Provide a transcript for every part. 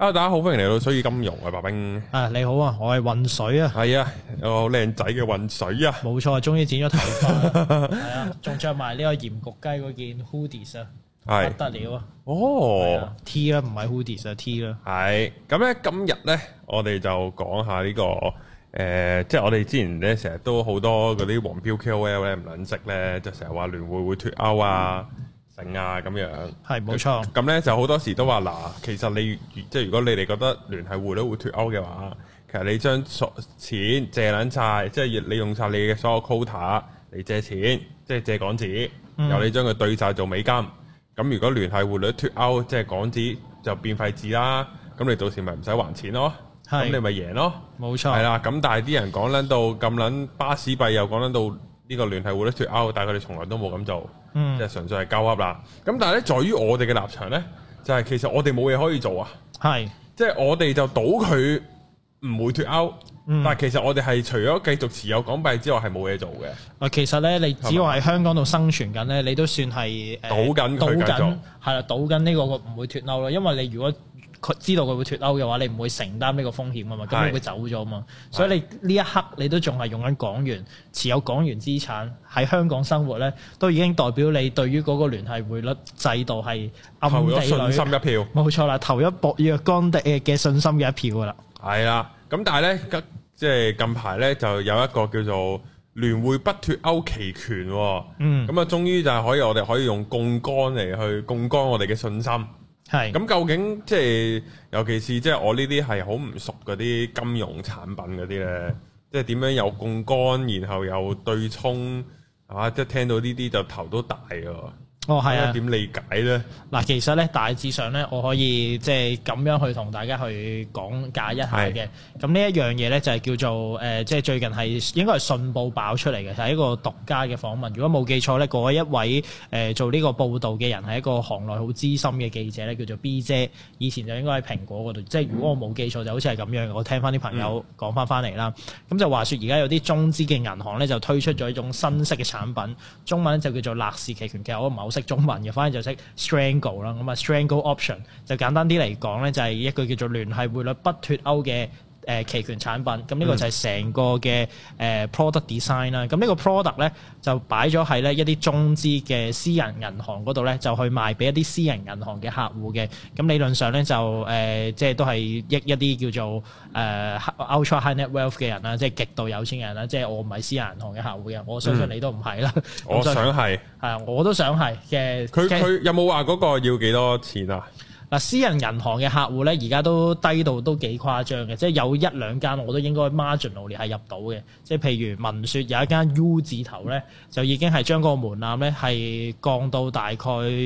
啊！大家好，歡迎嚟到《水與金融》啊，白兵。啊，你好啊，我係渾水啊。係啊，有個靚仔嘅渾水啊。冇錯，終於剪咗頭髮，係啊，仲着埋呢個鹽焗雞嗰件 hoodies 啊，係、啊、是不得了啊。哦，T 啊，唔係 hoodies 啊,啊，T 啦、啊。係咁咧，今日咧，我哋就講下呢、這個誒、呃，即係我哋之前咧，成日都好多嗰啲黃標 KOL 咧，唔卵識咧，就成日話聯匯會脫鈎啊。嗯啊咁樣係冇錯，咁咧就好多時都話嗱，嗯、其實你即係如果你哋覺得聯繫匯率會脫鈎嘅話，其實你將所錢借捻晒，即係你用晒你嘅所有 quota 嚟借錢，即係借港紙，由、嗯、你將佢兌晒做美金。咁如果聯繫匯率脫鈎，即係港紙就變廢紙啦。咁你到時咪唔使還錢咯。咁是你咪贏咯，冇錯錯。係啦，咁但係啲人講捻到咁捻巴士幣又講捻到。呢個聯繫會都脫鈎，但係佢哋從來都冇咁做，嗯、即係純粹係交握啦。咁但係咧，在於我哋嘅立場咧，就係、是、其實我哋冇嘢可以做啊，係是，即係我哋就賭佢唔會脫鈎，嗯、但係其實我哋係除咗繼續持有港幣之外，係冇嘢做嘅。啊，其實咧，你只要喺香港度生存緊咧，你都算係賭緊佢繼續，係啦吧，賭緊呢個唔會脫鈎啦。因為你如果佢知道佢會脫鈎嘅話，你唔會承擔呢個風險啊嘛，咁佢會走咗啊嘛，是的 所以你呢一刻你都仲係用緊港元持有港元資產喺香港生活咧，都已經代表你對於嗰個聯繫匯率制度係暗地裏投咗信心一票，冇錯啦，投一博若干嘅嘅信心嘅一票噶啦，係啦，咁但係咧，即係近排咧就有一個叫做聯匯不脫鈎期權，嗯，咁啊，終於就係可以我哋可以用槓桿嚟去槓桿我哋嘅信心。係，咁究竟即係尤其是即係我呢啲係好唔熟嗰啲金融產品嗰啲咧，即係點樣有槓桿，然後有對沖，係、啊、嘛？即係聽到呢啲就頭都大啊！哦，係啊，點理解咧？嗱，其實咧，大致上咧，我可以即係咁樣去同大家去講解一下嘅。咁是呢一樣嘢咧，就係、是、叫做誒，即、呃、係、就是、最近係應該係信報爆出嚟嘅，就係、是、一個獨家嘅訪問。如果冇記錯咧，嗰一位誒、呃、做呢個報導嘅人係一個行內好資深嘅記者咧，叫做 B 姐。以前就應該喺蘋果嗰度。即係、嗯、如果我冇記錯，就好似係咁樣。我聽翻啲朋友講翻翻嚟啦。咁、嗯、就話說，而家有啲中資嘅銀行咧，就推出咗一種新式嘅產品，中文就叫做納市期權嘅，我唔係識中文嘅，反而就識 strangle 啦。咁啊，strangle option 就簡單啲嚟講咧，就係一個叫做聯繫匯率不脫鈎嘅。誒期權產品，咁呢個就係成個嘅誒、嗯呃、product design 啦。咁呢個 product 咧就擺咗喺咧一啲中資嘅私人銀行嗰度咧，就去賣俾一啲私人銀行嘅客戶嘅。咁理論上咧就誒、呃，即係都係一一啲叫做誒、呃、ultra high net wealth 嘅人啦，即係極度有錢人啦。即係我唔係私人銀行嘅客戶嘅，我相信你都唔係啦。嗯、 以我想係係啊，我都想係嘅。佢佢有冇話嗰個要幾多錢啊？嗱，私人銀行嘅客戶咧，而家都低到都幾誇張嘅，即係有一兩間我都應該 margin 努力係入到嘅，即係譬如文説有一間 U 字頭咧，就已經係將個門檻咧係降到大概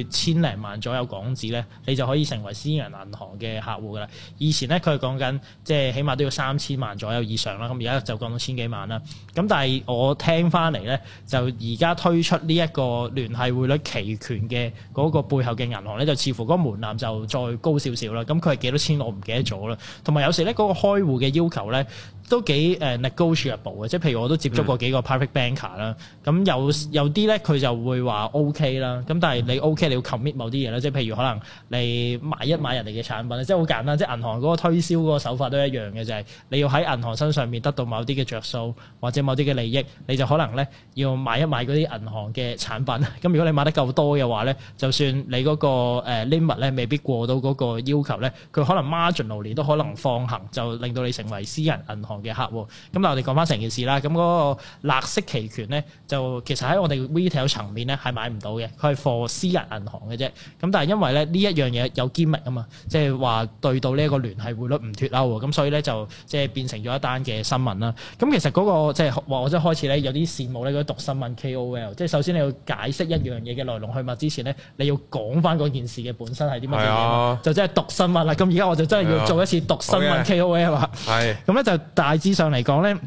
千零萬左右港紙咧，你就可以成為私人銀行嘅客戶噶啦。以前咧佢係講緊即係起碼都要三千萬左右以上啦，咁而家就降到千幾萬啦。咁但係我聽翻嚟咧，就而家推出呢一個聯繫匯率期權嘅嗰個背後嘅銀行咧，就似乎個門檻就再高少少啦，咁佢係幾多錢我唔記得咗啦，同埋有時咧嗰個開戶嘅要求咧。都幾誒 negotiable 嘅，即係譬如我都接觸過幾個 private banker 啦、嗯，咁有有啲咧佢就會話 OK 啦，咁但係你 OK 你要 commit 某啲嘢啦。即係譬如可能你買一買人哋嘅產品，即係好簡單，即係銀行嗰個推銷嗰個手法都一樣嘅，就係、是、你要喺銀行身上面得到某啲嘅着數或者某啲嘅利益，你就可能咧要買一買嗰啲銀行嘅產品，咁 如果你買得夠多嘅話咧，就算你嗰個 limit 咧未必過到嗰個要求咧，佢可能 marginal 都可能放行，就令到你成為私人銀行嘅客戶，咁嗱我哋講翻成件事啦，咁、那、嗰個納式期權咧，就其實喺我哋 retail 層面咧係買唔到嘅，佢係 for 私人銀行嘅啫。咁但係因為咧呢一樣嘢有機密啊嘛，即係話對到呢一個聯繫匯率唔脫歐啊，咁所以咧就即係變成咗一單嘅新聞啦。咁其實嗰、那個即係話我真係開始咧有啲羨慕咧嗰啲讀新聞 KOL，即係首先你要解釋一樣嘢嘅來龍去脈之前咧，你要講翻嗰件事嘅本身係啲乜嘢，的就即係讀新聞啦。咁而家我就真係要做一次讀新聞 KOL 啊係，咁咧就。大致上嚟講，咧。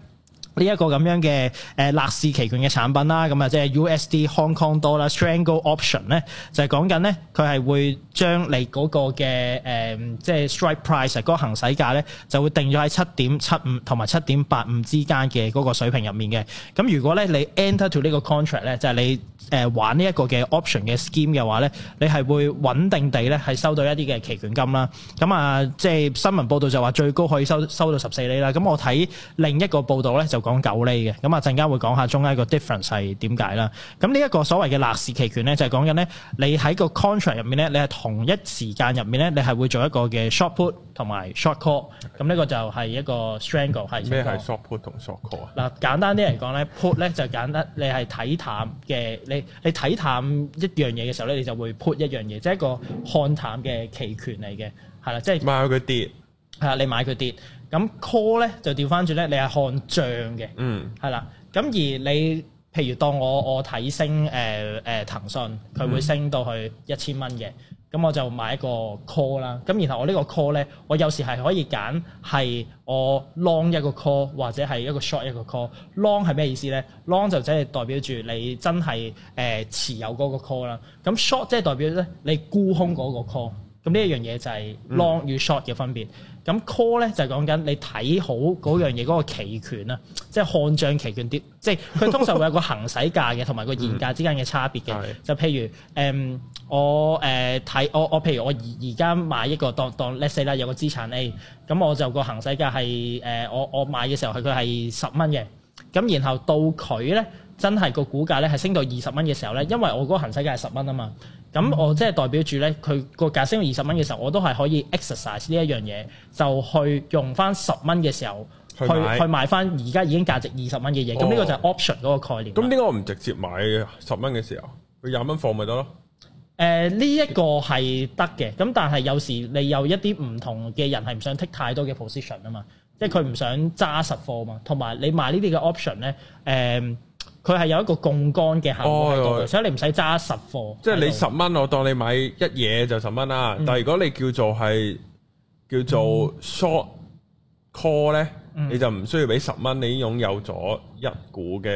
呢一個咁樣嘅誒勒式期權嘅產品啦，咁啊即係 USD Hong Kongdollar 啦，strangle option 咧就係講緊咧，佢係會將你嗰個嘅誒即係 strike price 嗰個行使價咧就會定咗喺七點七五同埋七點八五之間嘅嗰個水平入面嘅。咁如果咧你 enter to 呢個 contract 咧，就係你誒玩呢一個嘅 option 嘅 scheme 嘅話咧，你係會穩定地咧係收到一啲嘅期權金啦。咁啊即係新聞報道就話最高可以收收到十四厘啦。咁我睇另一個報道咧就，講九厘嘅，咁啊陣間會講下中間個 difference 係點解啦。咁呢一個所謂嘅納市期權咧，就係講緊咧你喺個 contract 入面咧，你係同一時間入面咧，你係會做一個嘅 short put 同埋 short call。咁呢個就係一個 strangle 係。咩係 short put 同 short call 啊？嗱，簡單啲嚟講咧，put 咧就簡單，你係睇淡嘅，你你睇淡一樣嘢嘅時候咧，你就會 put 一樣嘢，即係一個看淡嘅期權嚟嘅，係啦，即係買佢跌，係啊，你買佢跌。咁 call 咧就調翻轉咧，你係看漲嘅，嗯、係啦。咁而你譬如當我我睇升誒誒、呃呃、騰訊，佢會升到去一千蚊嘅，咁我就買一個 call 啦。咁然後我呢個 call 咧，我有時係可以揀係我 long 一個 call 或者係一個 short 一個 call long。long 係咩意思咧？long 就即係代表住你真係誒持有嗰個 call 啦。咁 short 即係代表咧你沽空嗰個 call。咁呢一樣嘢就係 long 與 short 嘅分別。咁、嗯、call 咧就係講緊你睇好嗰樣嘢嗰個期權啦，嗯、即係看漲期權啲。 即係佢通常會有個行使價嘅，同埋個現價之間嘅差別嘅。嗯、就譬如誒、嗯，我誒睇、呃、我我譬如我而而家買一個當當 let's say 啦，有個資產 A，咁我就個行使價係誒、呃、我我買嘅時候係佢係十蚊嘅，咁然後到佢咧真係個股價咧係升到二十蚊嘅時候咧，因為我嗰個行使價係十蚊啊嘛。咁我即係代表住咧，佢個價升到二十蚊嘅時候，我都係可以 exercise 呢一樣嘢，就去用翻十蚊嘅時候去去買翻而家已經價值二十蚊嘅嘢。咁呢、哦、個就係 option 嗰個概念。咁點解我唔直接買十蚊嘅時候，佢廿蚊貨咪得咯？誒、呃，呢、這、一個係得嘅。咁但係有時你有一啲唔同嘅人係唔想 take 太多嘅 position 啊嘛，嗯、即係佢唔想揸實貨嘛。同埋你買呢啲嘅 option 咧，誒、呃。佢係有一個槓桿嘅效果喺度，哦、所以你唔使揸實貨，即係你十蚊，我當你買一嘢就十蚊啦。嗯、但係如果你叫做係叫做 short call 咧，嗯、你就唔需要俾十蚊，你已經擁有咗一股嘅，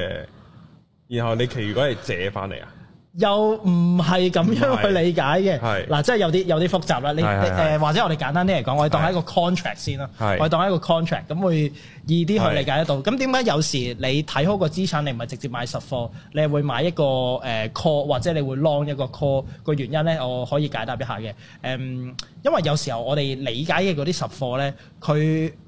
然後你其餘如果係借翻嚟啊，又唔係咁樣是去理解嘅。係嗱是、啊，即係有啲有啲複雜啦。你誒、呃、或者我哋簡單啲嚟講，我哋當係一個 contract 先啦，我哋當係一個 contract 咁會。易啲去理解得到。咁點解有時你睇好個資產，你唔係直接買實貨，你係會買一個誒 call、呃、或者你會 long 一個 call 個原因咧？我可以解答一下嘅。誒、嗯，因為有時候我哋理解嘅嗰啲實貨咧，佢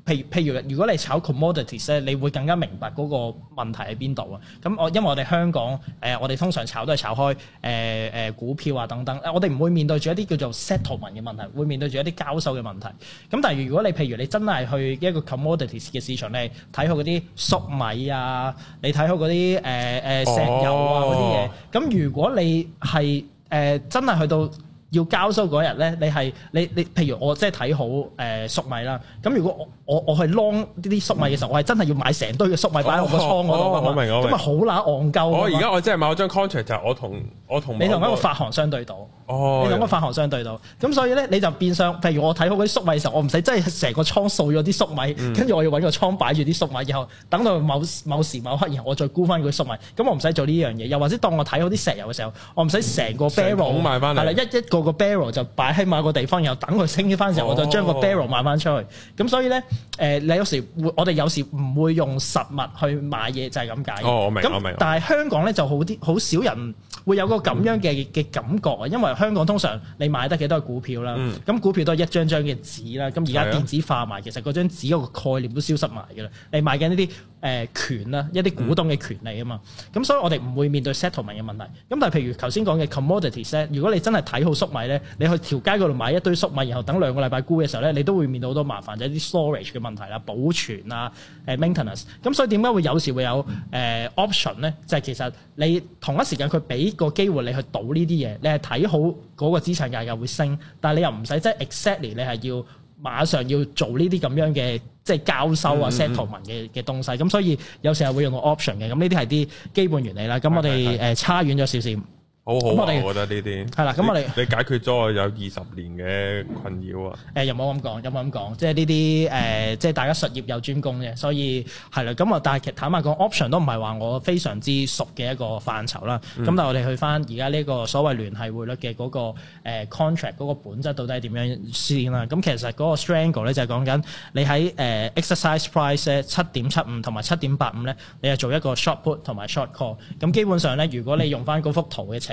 譬譬如譬如，如果你炒 commodities 咧，你會更加明白嗰個問題喺邊度啊。咁我因為我哋香港誒、呃，我哋通常炒都係炒開誒誒、呃呃、股票啊等等。誒，我哋唔會面對住一啲叫做 settlement 嘅問題，會面對住一啲交收嘅問題。咁但係如果你譬如你真係去一個 commodities 嘅市場，嚟睇好嗰啲粟米啊，你睇好嗰啲誒誒石油啊嗰啲嘢，咁、哦、如果你係誒、呃、真係去到。要交收嗰日咧，你係你你，譬如我即係睇好誒粟、呃、米啦。咁如果我我我去 long 呢啲粟米嘅時候，嗯、我係真係要買成堆嘅粟米擺喺我個倉嗰度。咁咪好撚戇鳩。我而家、哦、我真係買咗張 contract 就係我同我同你同一個發行相對到。哦。你同個發行相對到。咁所以咧，你就變相譬如我睇好嗰啲粟米嘅時候，我唔使真係成個倉掃咗啲粟米，跟住、嗯、我要揾個倉擺住啲粟米，然後等到某某時某刻，然後我再沽翻佢啲粟米。咁我唔使做呢樣嘢。又或者當我睇好啲石油嘅時候，我唔使成個 barrel 埋翻嚟。係啦，一一個。一一個 barrel 就擺喺某個地方，然後等佢升起翻嘅時候，我就將個 barrel 賣翻出去。咁、哦、所以咧，誒、呃，你有時會，我哋有時唔會用實物去買嘢，就係咁解。哦，我明，那我明。但係香港咧就好啲，好少人會有個咁樣嘅嘅感覺啊，嗯、因為香港通常你買得幾多股票啦，咁、嗯、股票都係一張張嘅紙啦，咁而家電子化埋，其實嗰張紙個概念都消失埋噶啦。你買緊呢啲。誒權啦，一啲股東嘅權利啊嘛，咁、嗯嗯、所以我哋唔會面對 settlement 嘅問題。咁但係譬如頭先講嘅 commodity set，如果你真係睇好粟米咧，你去條街嗰度買一堆粟米，然後等兩個禮拜沽嘅時候咧，你都會面到好多麻煩，就係、是、啲 storage 嘅問題啦、保存啊、誒 maintenance、嗯。咁、嗯、所以點解會有時會有誒、呃、option 咧？就係、是、其實你同一時間佢俾個機會你去賭呢啲嘢，你係睇好嗰個資產價格又會升，但係你又唔使即係 exactly 你係要馬上要做呢啲咁樣嘅。即係交收啊 settlement 嘅嘅東西，咁、嗯嗯、所以有時候會用到 option 嘅，咁呢啲係啲基本原理啦。咁我哋誒差遠咗少少。好好，我，我覺得呢啲係啦，咁我你解決咗我有二十年嘅困擾啊！誒又冇咁講，又冇咁講，即係呢啲誒，即係大家術業有專攻嘅，所以係啦，咁啊，但係其實坦白講，option 都唔係話我非常之熟嘅一個範疇啦。咁、嗯、但係我哋去翻而家呢個所謂聯繫匯率嘅嗰、嗰個、呃、contract 嗰個本質到底係點樣先啦？咁其實嗰個 strangle 咧就係講緊你喺誒、呃、exercise price 七點七五同埋七點八五咧，你係做一個 short put 同埋 short call。咁基本上咧，如果你用翻嗰幅圖嘅情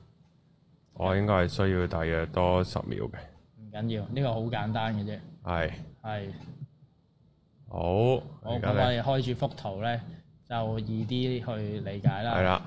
我應該係需要大約多十秒嘅。唔緊要，呢個好簡單嘅啫。係是。係是。好。我哋啊，開住幅圖咧，就易啲去理解啦。係啦。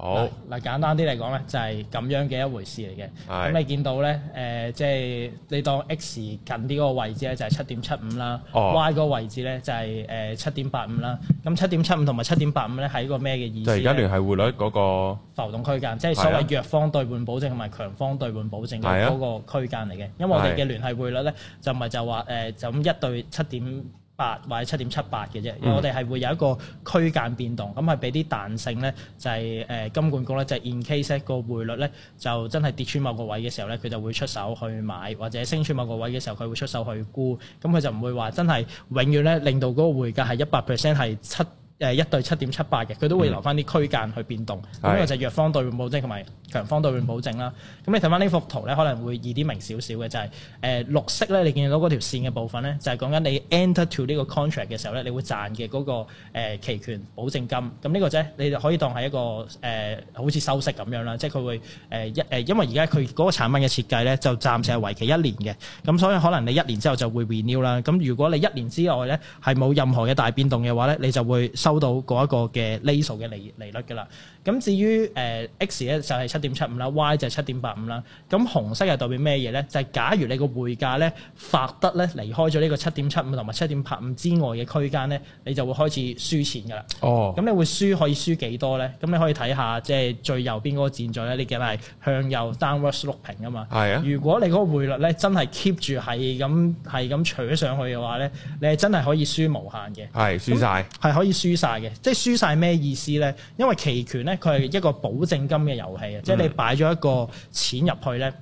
好嗱，簡單啲嚟講咧，就係、是、咁樣嘅一回事嚟嘅。咁是你見到咧，誒、呃，即、就、係、是、你當 X 近啲嗰個位置咧、哦，就係七點七五啦；Y 個位置咧、就是，就係誒七點八五啦。咁七點七五同埋七點八五咧，係一個咩嘅意思，而家係聯繫匯率嗰、那個浮動區間，即、就、係、是、所謂弱方兌換保證同埋強方兌換保證嘅嗰個區間嚟嘅。啊、因為我哋嘅聯繫匯率咧，就唔係就話誒、呃，就咁一對七點八或者七點七八嘅啫，8, 78, 因為我哋係會有一個區間變動，咁係俾啲彈性咧，就係、是、誒金管局咧就係、是、in case 個匯率咧就真係跌穿某個位嘅時候咧，佢就會出手去買，或者升穿某個位嘅時候，佢會出手去沽，咁佢就唔會話真係永遠咧令到嗰個匯價係一百 percent 係七。誒一對七點七八嘅，佢都會留翻啲區間去變動。呢一、嗯、個就係弱方兌換保證同埋強方兌換保證啦。咁你睇翻呢幅圖咧，可能會易啲明少少嘅，就係、是、誒、呃、綠色咧，你見到嗰條線嘅部分咧，就係講緊你 enter to 呢個 contract 嘅時候咧，你會賺嘅嗰個、呃、期權保證金。咁呢個啫，你就可以當係一個誒、呃、好似收息咁樣啦。即係佢會誒一誒，因為而家佢嗰個產品嘅設計咧，就暫時係為期一年嘅。咁所以可能你一年之後就會 renew 啦。咁如果你一年之外咧係冇任何嘅大變動嘅話咧，你就會收到嗰一個嘅 laser 嘅利利率嘅啦。咁至於誒 X 咧就係七點七五啦，Y 就係七點八五啦。咁紅色又代表咩嘢咧？就係、是、假如你個匯價咧發得咧離開咗呢個七點七五同埋七點八五之外嘅區間咧，你就會開始輸錢噶啦。哦。咁你會輸可以輸幾多咧？咁你可以睇下即係最右邊嗰個箭嘴咧，你見唔見向右 downward sloping 啊嘛。係啊。如果你嗰個匯率咧真係 keep 住係咁係咁扯上去嘅話咧，你係真係可以輸無限嘅。係輸晒，係可以輸晒嘅，即係輸晒咩意思咧？因為期權咧，佢係一個保證金嘅遊戲，嗯、即係你擺咗一個錢入去咧。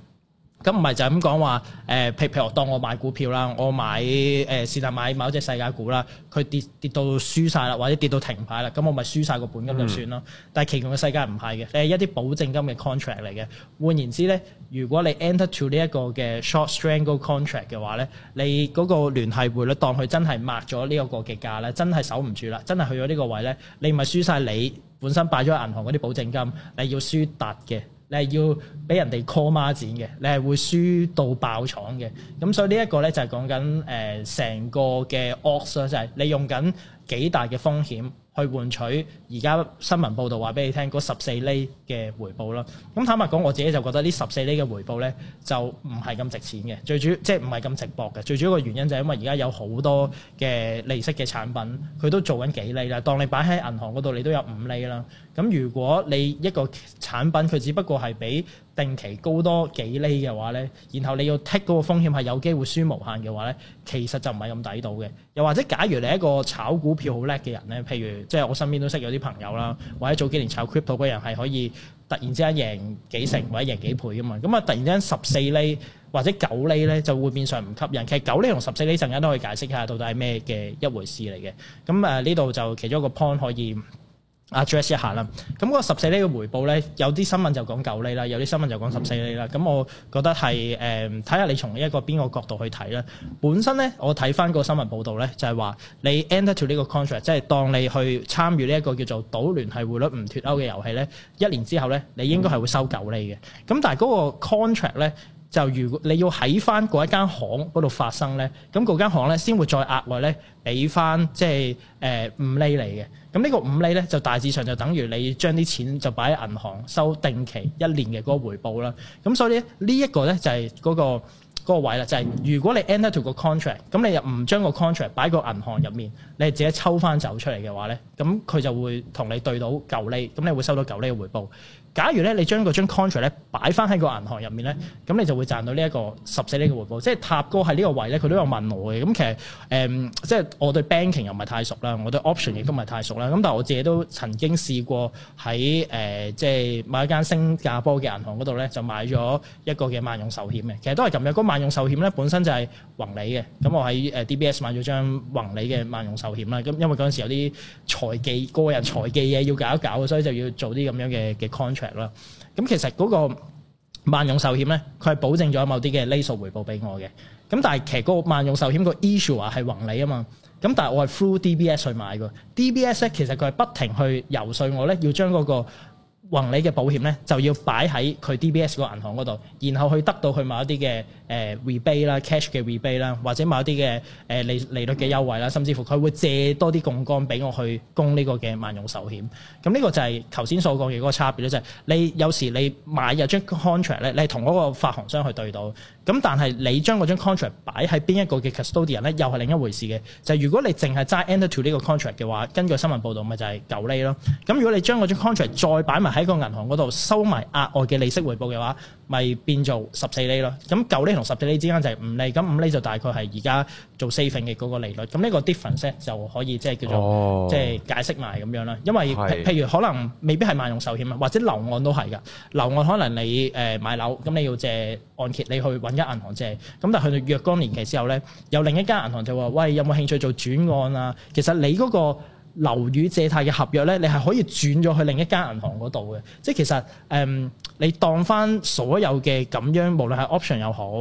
咁唔係就係咁講話，誒、呃，譬譬如我當我買股票啦，我買誒是但買某隻世界股啦，佢跌跌到輸晒啦，或者跌到停牌啦，咁我咪輸晒個本金就算咯。嗯、但係其中嘅世界唔係嘅，係一啲保證金嘅 contract 嚟嘅。換言之咧，如果你 enter to 呢一個嘅 short strangle contract 嘅話咧，你嗰個聯繫匯率當佢真係抹咗呢一個嘅價咧，真係守唔住啦，真係去咗呢個位咧，你咪輸晒你本身擺咗喺銀行嗰啲保證金，你要輸達嘅。你係要俾人哋 call 孖展嘅，你係會輸到爆廠嘅，咁所以呢一、就是呃、個咧就係講緊誒成個嘅 OSS，就係利用緊幾大嘅風險去換取而家新聞報導話俾你聽嗰十四厘嘅回報啦。咁坦白講，我自己就覺得呢十四厘嘅回報咧就唔係咁值錢嘅，就是，最主要即係唔係咁值博嘅。最主要嘅原因就係因為而家有好多嘅利息嘅產品，佢都做緊幾厘啦。當你擺喺銀行嗰度，你都有五厘啦。咁如果你一個產品佢只不過係俾定期高多幾厘嘅話咧，然後你要剔嗰個風險係有機會輸無限嘅話咧，其實就唔係咁抵到嘅。又或者假如你一個炒股票好叻嘅人咧，譬如即係我身邊都識有啲朋友啦，或者早幾年炒 crypto 嘅人係可以突然之間贏幾成或者贏幾倍噶嘛。咁啊突然之間十四厘或者九厘咧就會變相唔吸引。其實九厘同十四厘陣間都可以解釋下到底係咩嘅一回事嚟嘅。咁啊呢度就其中一個 point 可以。adjust 一下啦，咁、那、嗰個十四厘嘅回報咧，有啲新聞就講九厘啦，有啲新聞就講十四厘啦，咁我覺得係誒睇下你從一個邊個角度去睇啦。本身咧，我睇翻個新聞報導咧，就係、是、話你 enter to 呢個 contract，即係當你去參與呢一個叫做賭聯繫匯率唔脫鈎嘅遊戲咧，一年之後咧，你應該係會收九厘嘅。咁但係嗰個 contract 咧。就如果你要喺翻嗰一間行嗰度發生咧，咁嗰間行咧先會再額外咧俾翻即係誒五厘你嘅。咁呢個五厘咧就大致上就等於你將啲錢就擺喺銀行收定期一年嘅嗰個回報啦。咁所以咧呢一個咧就係嗰、嗰個嗰個位啦，就係、係、如果你 enter 到個 contract，咁你又唔將個 contract 擺個銀行入面，你係自己抽翻走出嚟嘅話咧，咁佢就會同你對到舊厘。咁你會收到舊厘嘅回報。假如咧你將個張 contract 咧擺翻喺個銀行入面咧，咁你就會賺到呢一個十四厘嘅回報。即係塔哥喺呢個位咧，佢都有問我嘅。咁其實誒、嗯，即係我對 banking 又唔係太熟啦，我對 option 亦都唔係太熟啦。咁但係我自己都曾經試過喺誒、呃，即係某一間新加坡嘅銀行嗰度咧，就買咗一個嘅萬用壽險嘅。其實都係咁樣嗰萬用壽險咧，本身就係宏利嘅。咁我喺誒 DBS 買咗張宏利嘅萬用壽險啦。咁因為嗰陣時有啲財技個人財技嘢要搞一搞，所以就要做啲咁樣嘅嘅 contract。咯，咁其實嗰個萬用壽險咧，佢係保證咗某啲嘅厘數回報俾我嘅，咁但係其實個萬用壽險個 issue 係宏利啊嘛，咁但係我係 through D B S 去買嘅，D B S 咧其實佢係不停去遊說我咧，要將嗰、嗰個。宏利嘅保險咧就要擺喺佢 DBS 個銀行嗰度，然後去得到佢某一啲嘅誒 rebate 啦、cash 嘅 rebate 啦，或者某一啲嘅誒利利率嘅優惠啦，甚至乎佢會借多啲槓桿俾我去供呢個嘅萬用壽險。咁、嗯、呢、這個就係頭先所講嘅嗰個差別啦，就係、是、你有時你買入張 contract 咧，你係同嗰個發行商去對到，咁但係你將嗰張 contract 擺喺邊一個嘅 custodian 咧，又係另一回事嘅。就係、是、如果你淨係齋 enter to 呢個 contract 嘅話，根據新聞報道咪就係九厘咯。咁、嗯、如果你將嗰張 contract 再擺埋，喺個銀行嗰度收埋額外嘅利息回報嘅話，咪變做十四厘咯。咁舊呢同十四厘之間就係五厘，咁五厘就大概係而家做四分嘅嗰個利率。咁呢個 difference 就可以即係叫做即係解釋埋咁樣啦。因為譬如可能未必係萬用壽險啊，或者樓案都係噶。樓案，可能你誒買樓咁你要借按揭，你去揾一銀行借。咁但係去到若干年期之後咧，有另一間銀行就話：喂，有冇興趣做轉案啊？其實你嗰個樓宇借貸嘅合約咧，你係可以轉咗去另一間銀行嗰度嘅。即係其實誒、嗯，你當翻所有嘅咁樣，無論係 option 又好，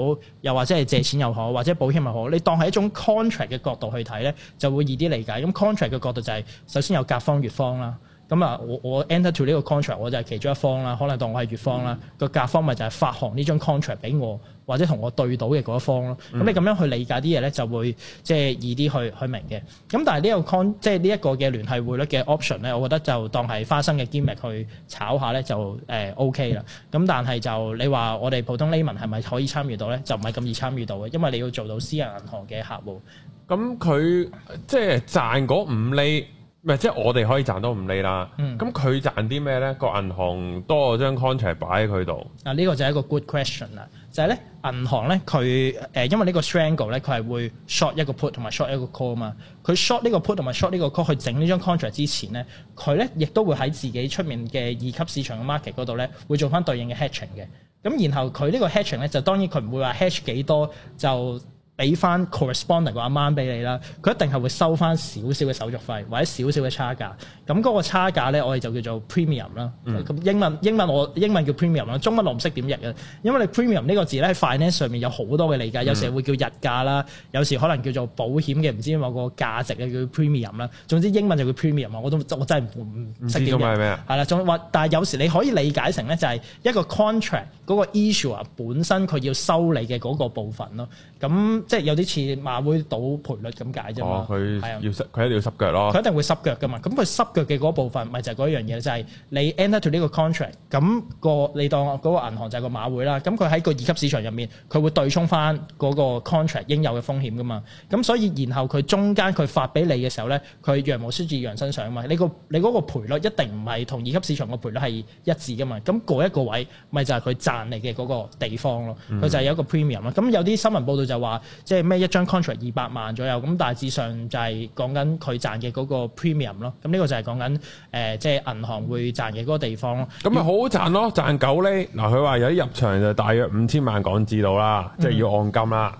又或者係借錢又好，或者保險又好，你當係一種 contract 嘅角度去睇咧，就會易啲理解。咁、嗯、contract 嘅角度就係、是、首先有甲方、乙方啦。咁啊、嗯，我我 enter to 呢個 contract，我就係其中一方啦，可能當我係乙方啦，個甲方咪就係發行呢張 contract 俾我，或者同我對賭嘅嗰一方咯。咁、嗯、你咁樣去理解啲嘢咧，就會即係易啲去去明嘅。咁但係呢個 contract 即係呢一個嘅聯繫匯率嘅 option 咧，我覺得就當係花生嘅 gamble 去炒下咧，就誒 OK 啦。咁但係就你話我哋普通 layman 係咪可以參與到咧？就唔係咁易參與到嘅，因為你要做到私人銀行嘅客戶。咁佢、嗯、即係賺嗰五厘。咪即係我哋可以賺到唔理啦。咁佢、嗯、賺啲咩咧？個銀行多咗張 contract 擺喺佢度。嗱、啊，呢、呢個就係一個 good question 啦。就係、是、咧，銀行咧，佢誒、呃、因為個呢個 strangle 咧，佢係會 short 一個 put 同埋 short 一個 call 啊嘛。佢 short 呢個 put 同埋 short 呢個 call 去整呢張 contract 之前咧，佢咧亦都會喺自己出面嘅二級市場嘅 market 嗰度咧，會做翻對應嘅 hatching 嘅。咁然後佢呢個 hatching 咧，就當然佢唔會話 hatch 幾多就。俾翻 corresponding 個阿媽俾你啦，佢一定係會收翻少少嘅手續費或者少少嘅差價，咁嗰個差價咧，我哋就叫做 premium 啦、嗯。咁英文英文我英文叫 premium 啦，中文我唔識點譯嘅，因為你 premium 呢個字咧喺 finance 上面有好多嘅理解，有時會叫溢價啦，有時可能叫做保險嘅唔知某個價值咧叫 premium 啦。總之英文就叫 premium 啊，我都我真係唔唔識點譯。係啦，仲或但係有時你可以理解成咧，就係一個 contract 嗰個 issuer 本身佢要收你嘅嗰個部分咯，咁。即係有啲似馬會賭賠率咁解啫嘛，係啊，要濕佢一定要濕腳咯，佢一定會濕腳噶嘛。咁佢濕腳嘅嗰部分，咪就係嗰一樣嘢，就係你 enter to 呢個 contract，咁個你當嗰個銀行就係個馬會啦。咁佢喺個二級市場入面，佢會對沖翻嗰個 contract 應有嘅風險噶嘛。咁所以然後佢中間佢發俾你嘅時候咧，佢羊毛輸住羊身上啊嘛。你個你嗰個賠率一定唔係同二級市場個賠率係一致噶嘛。咁嗰一個位咪就係佢賺嚟嘅嗰個地方咯。佢就係有一個 premium 啊。咁有啲新聞報道就話。即係咩一張 contract 二百萬左右，咁大致上就係講緊佢賺嘅嗰個 premium 咯。咁呢個就係講緊誒、呃，即係銀行會賺嘅嗰個地方咯。咁咪好賺咯，賺九厘。嗱、啊，佢話有啲入場就大約五千萬港紙到啦，嗯、即係要按金啦。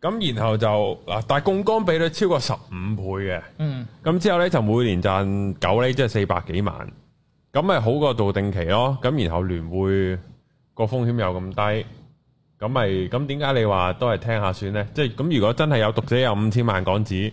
咁然後就嗱、啊，但係槓桿比率超過十五倍嘅。嗯。咁之後咧就每年賺九厘，即係四百幾萬。咁咪好過做定期咯。咁然後聯匯個風險又咁低。咁咪咁點解你話都係聽下算呢？即係咁，如果真係有讀者有五千萬港紙，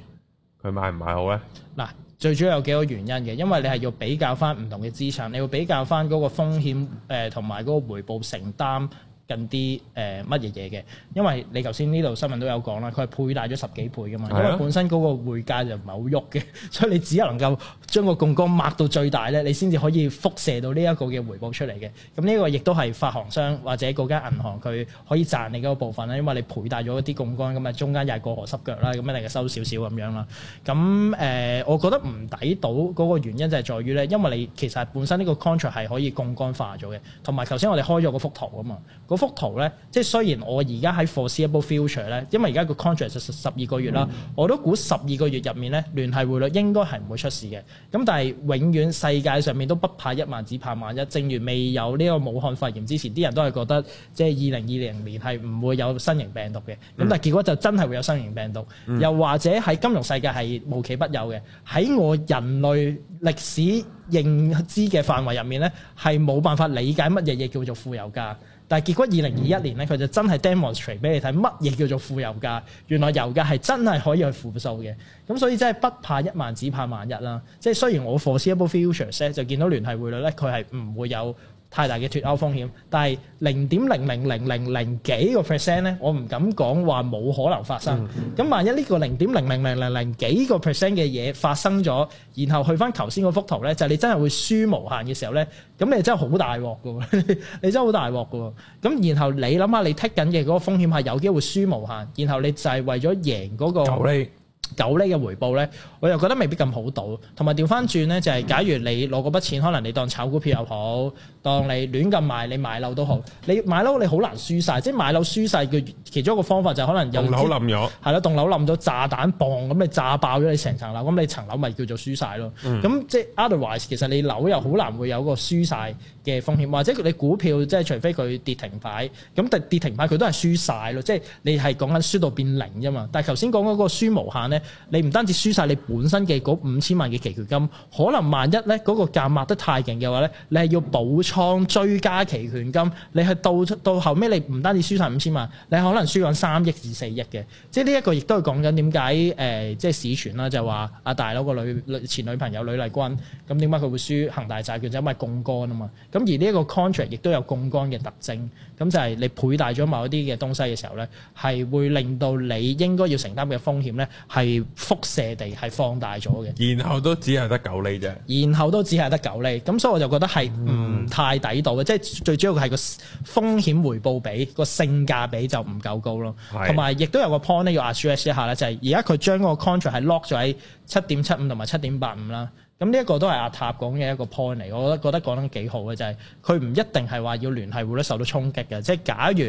佢買唔買好呢？嗱，最主要有幾個原因嘅，因為你係要比較返唔同嘅資產，你要比較返嗰個風險誒同埋嗰個回報承擔近啲誒乜嘢嘢嘅。因為你頭先呢度新聞都有講啦，佢係倍大咗十幾倍㗎嘛，因為本身嗰個匯價就唔係好喐嘅，所以你只能夠。將個槓桿抹到最大咧，你先至可以輻射到呢一個嘅回報出嚟嘅。咁、嗯、呢、這個亦都係發行商或者嗰間銀行佢可以賺你嗰部分咧，因為你佩戴咗一啲槓桿，咁啊中間又係過河濕腳啦，咁一定嘅收少少咁樣啦。咁、嗯、誒，我覺得唔抵到嗰個原因就係在於咧，因為你其實本身呢個 contract 係可以槓桿化咗嘅，同埋頭先我哋開咗嗰幅圖啊嘛，嗰、那個、幅圖咧，即係雖然我而家喺 foreseeable future 咧，因為而家個 contract 係十二個月啦，嗯、我都估十二個月入面咧聯繫匯率應該係唔會出事嘅。咁但係永遠世界上面都不怕一萬，只怕萬一。正如未有呢個武漢肺炎之前，啲人都係覺得即係二零二零年係唔會有新型病毒嘅。咁但係結果就真係會有新型病毒。又或者喺金融世界係無奇不有嘅。喺我人類歷史認知嘅範圍入面呢，係冇辦法理解乜嘢嘢叫做富有㗎。但係結果，二零二一年咧，佢就真係 demonstrate 俾你睇乜嘢叫做負油價，原來油價係真係可以去負數嘅，咁所以真係不怕一萬，只怕萬一啦。即係雖然我 foreseeable futures 咧就見到聯繫匯率咧，佢係唔會有太大嘅脫歐風險，但係零點零零零零零幾個 percent 咧，我唔敢講話冇可能發生。咁萬一呢個零點零零零零零幾個 percent 嘅嘢發生咗，然後去翻頭先嗰幅圖咧，就係、你真係會輸無限嘅時候咧，咁你真係好大鑊噶， 你真係好大鑊噶。咁然後你諗下你剔緊嘅嗰個風險係有機會輸無限，然後你就係為咗贏嗰、嗰個。九厘嘅回報咧，我又覺得未必咁好倒，同埋調翻轉咧就係，假如你攞嗰筆錢，可能你當炒股票又好，當你亂咁買你買樓都好，你買樓你好難輸晒。即係買樓輸晒嘅其中一個方法就可能有棟樓冧咗，係啦，棟樓冧咗炸彈磅咁你炸爆咗你成層樓，咁你層樓咪叫做輸晒咯。咁、嗯、即係 otherwise 其實你樓又好難會有個輸晒。嘅風險，或者你股票即係除非佢跌停牌，咁但跌停牌佢都係輸晒咯，即係你係講緊輸到變零啫嘛。但係頭先講嗰個輸無限咧，你唔單止輸晒你本身嘅嗰五千萬嘅期權金，可能萬一咧嗰個價抹得太勁嘅話咧，你係要補倉追加期權金，你係到到後尾你唔單止輸晒五千萬，你可能輸緊三億至四億嘅。即係呢一個亦都係講緊點解誒，即係市傳啦，就話阿大佬個女前女朋友呂麗君，咁點解佢會輸恒大債券？就因為槓桿啊嘛。咁而呢一個 contract 亦都有槓桿嘅特徵，咁就係你佩戴咗某一啲嘅東西嘅時候咧，係會令到你應該要承擔嘅風險咧，係輻射地係放大咗嘅。然後都只係得九厘啫。然後都只係得九厘，咁所以我就覺得係唔太抵到嘅，嗯、即係最主要係個風險回報比個性價比就唔夠高咯。同埋亦都有，有個 point 咧要 address 一下咧，就係而家佢將嗰個 contract 係 lock 咗喺七點七五同埋七點八五啦。咁呢一個都係阿塔講嘅一個 point 嚟，我覺得覺得講得幾好嘅就係佢唔一定係話要聯繫匯都受到衝擊嘅，即係假如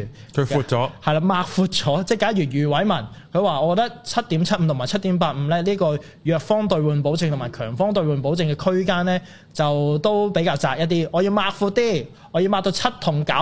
佢闊咗，係啦，抹闊咗，即係假如余偉文佢話，我覺得七點七五同埋七點八五咧，呢個弱方兌換保證同埋強方兌換保證嘅區間咧就都比較窄一啲，我要抹闊啲。我要抹到七同九，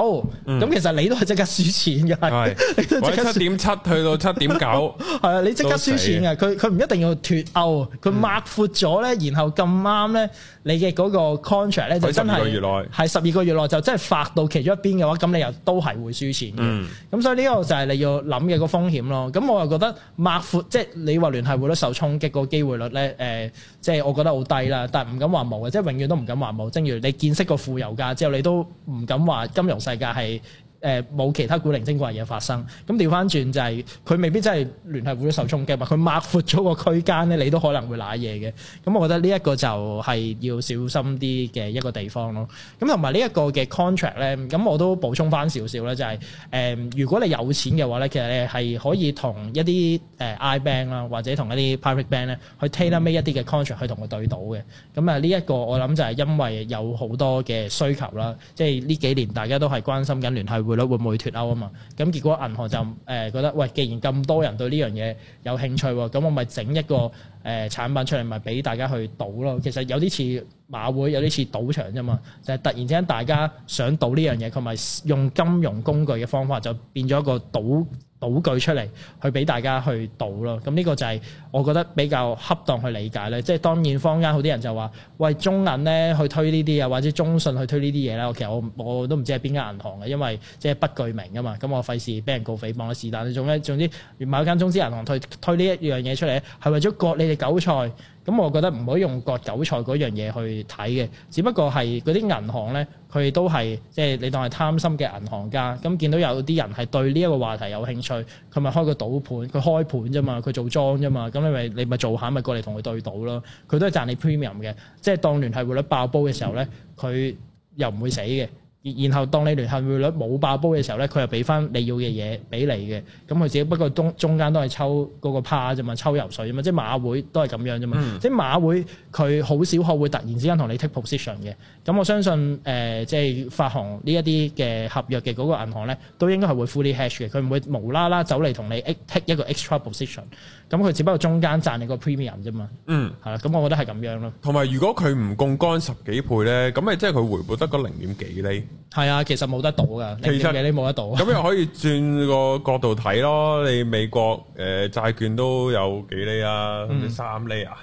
咁其實你都係即刻輸錢嘅，你都即我七點七去到七點九，係啊，你即刻輸錢嘅。佢佢唔一定要脫鈎，佢抹闊咗咧，然後咁啱咧，你嘅嗰個 contract 咧就真係係十二個月內就真係發到其中一邊嘅話，咁你又都係會輸錢嘅。咁、嗯、所以呢個就係你要諗嘅個風險咯。咁我又覺得抹闊即係你話聯繫匯率受衝擊個機會率咧，誒、呃。即係我覺得好低啦，但係唔敢話冇，即係永遠都唔敢話冇。正如你見識過負油價之後，你都唔敢話金融世界係。誒冇其他古靈精怪嘢發生，咁調翻轉就係佢未必真係聯繫會受衝擊，或佢抹闊咗個區間咧，你都可能會瀨嘢嘅。咁我覺得呢一個就係要小心啲嘅一個地方咯。咁同埋呢一個嘅 contract 咧，咁我都補充翻少少啦。就係誒如果你有錢嘅話咧，其實你係可以同一啲誒 i bank 啦，ank，或者同一啲 private bank 咧去 tailor fit 一啲嘅 contract 去同佢對賭嘅。咁啊呢一個我諗就係因為有好多嘅需求啦，即係呢幾年大家都係關心緊聯繫。匯率會唔會脫鈎啊嘛？咁結果銀行就誒覺得，喂，既然咁多人對呢樣嘢有興趣，咁我咪整一個誒產品出嚟，咪俾大家去賭咯。其實有啲似馬會，有啲似賭場啫嘛。就係突然之間大家想賭呢樣嘢，佢咪用金融工具嘅方法，就變咗一個賭賭具出嚟，去俾大家去賭咯。咁呢個就係我覺得比較恰當去理解咧。即係當然坊間好啲人就話，喂，中銀咧去推呢啲啊，或者中信去推呢啲嘢啦。我其實我我都唔知係邊間銀行嘅，因為即係不具名啊嘛。咁我費事俾人告誹謗啊是但。你仲咧，總之，某間中資銀行推推呢一樣嘢出嚟，係為咗割你哋韭菜。咁、嗯、我覺得唔可以用割韭菜嗰樣嘢去睇嘅，只不過係嗰啲銀行咧，佢都係即係你當係貪心嘅銀行家，咁見到有啲人係對呢一個話題有興趣，佢咪開個賭盤，佢開盤啫嘛，佢做莊啫嘛，咁、嗯、你咪你咪做下，咪過嚟同佢對賭咯，佢都係賺你 premium 嘅，即係當聯繫匯率爆煲嘅時候咧，佢又唔會死嘅。然後當你聯繫匯率冇爆煲嘅時候咧，佢又俾翻你要嘅嘢俾你嘅，咁佢只不過中中間都係抽嗰個趴啫嘛，抽油水啫嘛，即係馬會都係咁樣啫嘛。嗯、即係馬會佢好少學會突然之間同你 take position 嘅。咁我相信誒、呃，即係發行呢一啲嘅合約嘅嗰個銀行咧，都應該係會 fully hedge 嘅，佢唔會無啦啦走嚟同你 take 一個 extra position。咁佢只不過中間賺你個 premium 啫嘛。嗯，係啦，咁我覺得係咁樣咯。同埋如果佢唔共幹十幾倍咧，咁咪即係佢回報得個零點幾呢？係啊，其實冇得賭噶，其實你冇得、得賭。咁又可以轉個角度睇咯，你美國誒債、呃、券都有幾厘啊？三、嗯、厘啊？